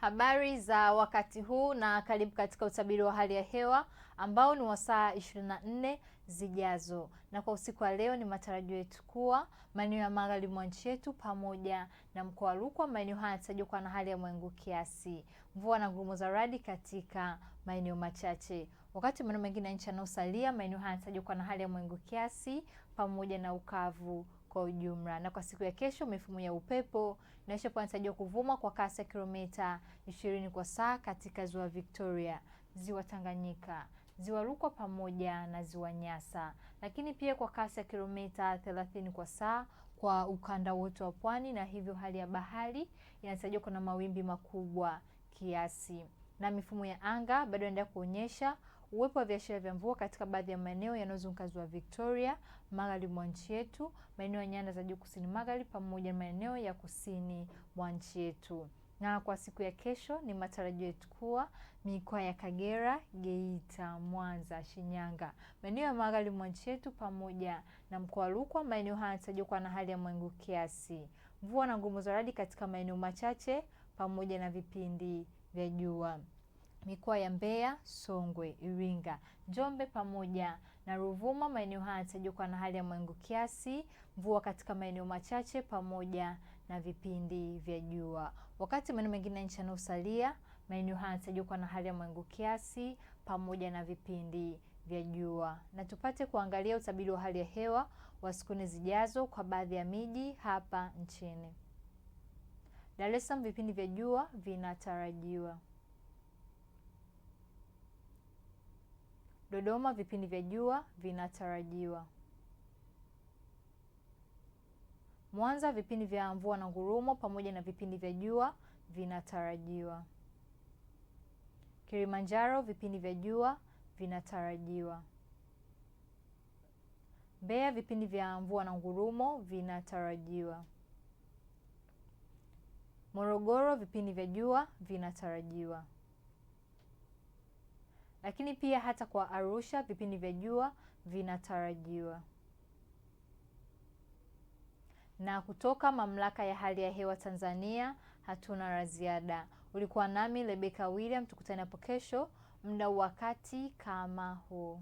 Habari za wakati huu na karibu katika utabiri wa hali ya hewa ambao ni wa saa 24 zijazo. Na kwa usiku wa leo, ni matarajio yetu kuwa maeneo ya magharibi mwa nchi yetu pamoja na mkoa wa Rukwa, maeneo haya yanatajwa kuwa na hali ya mawingu kiasi, mvua na ngurumo za radi katika maeneo machache, wakati maeneo mengine ya nchi yanayosalia, maeneo haya yanatajwa kuwa na hali ya mawingu kiasi pamoja na ukavu kwa ujumla. Na kwa siku ya kesho, mifumo ya upepo inaisha kuwa inatarajiwa kuvuma kwa kasi ya kilomita 20 kwa saa katika ziwa Victoria, ziwa Tanganyika, ziwa Rukwa pamoja na ziwa Nyasa, lakini pia kwa kasi ya kilomita 30 kwa saa kwa ukanda wote wa pwani, na hivyo hali ya bahari inatarajiwa kuwa na mawimbi makubwa kiasi, na mifumo ya anga bado inaendelea kuonyesha uwepo wa viashiria vya mvua katika baadhi ya maeneo yanayozunguka ziwa Victoria, magharibi mwa nchi yetu, maeneo ya nyanda za juu kusini magharibi, pamoja na maeneo ya kusini mwa nchi yetu. Na kwa siku ya kesho ni matarajio yetu kuwa mikoa ya Kagera, Geita, Mwanza, Shinyanga, maeneo ya magharibi mwa nchi yetu pamoja na mkoa wa Rukwa, maeneo haya yanatarajiwa kuwa na hali ya mawingu kiasi, mvua na ngurumo za radi katika maeneo machache pamoja na vipindi vya jua mikoa ya Mbeya, Songwe, Iringa, Njombe pamoja na Ruvuma. Maeneo haya yanatajwa na hali ya mawingu kiasi, mvua katika maeneo machache pamoja na vipindi vya jua. Wakati maeneo mengine ya nchi yanayosalia, maeneo haya yanatajwa na hali ya mawingu kiasi pamoja na vipindi vya jua. Na tupate kuangalia utabiri wa hali ya hewa wa siku nne zijazo kwa baadhi ya miji hapa nchini. Dar es Salaam, vipindi vya jua vinatarajiwa. Dodoma vipindi vya jua vinatarajiwa. Mwanza vipindi vya mvua na ngurumo pamoja na vipindi vya jua vinatarajiwa. Kilimanjaro vipindi vya jua vinatarajiwa. Mbeya vipindi vya mvua na ngurumo vinatarajiwa. Morogoro vipindi vya jua vinatarajiwa lakini pia hata kwa Arusha vipindi vya jua vinatarajiwa. Na kutoka Mamlaka ya Hali ya Hewa Tanzania hatuna la ziada. Ulikuwa nami Rebecca William, tukutane hapo kesho muda wakati kama huu.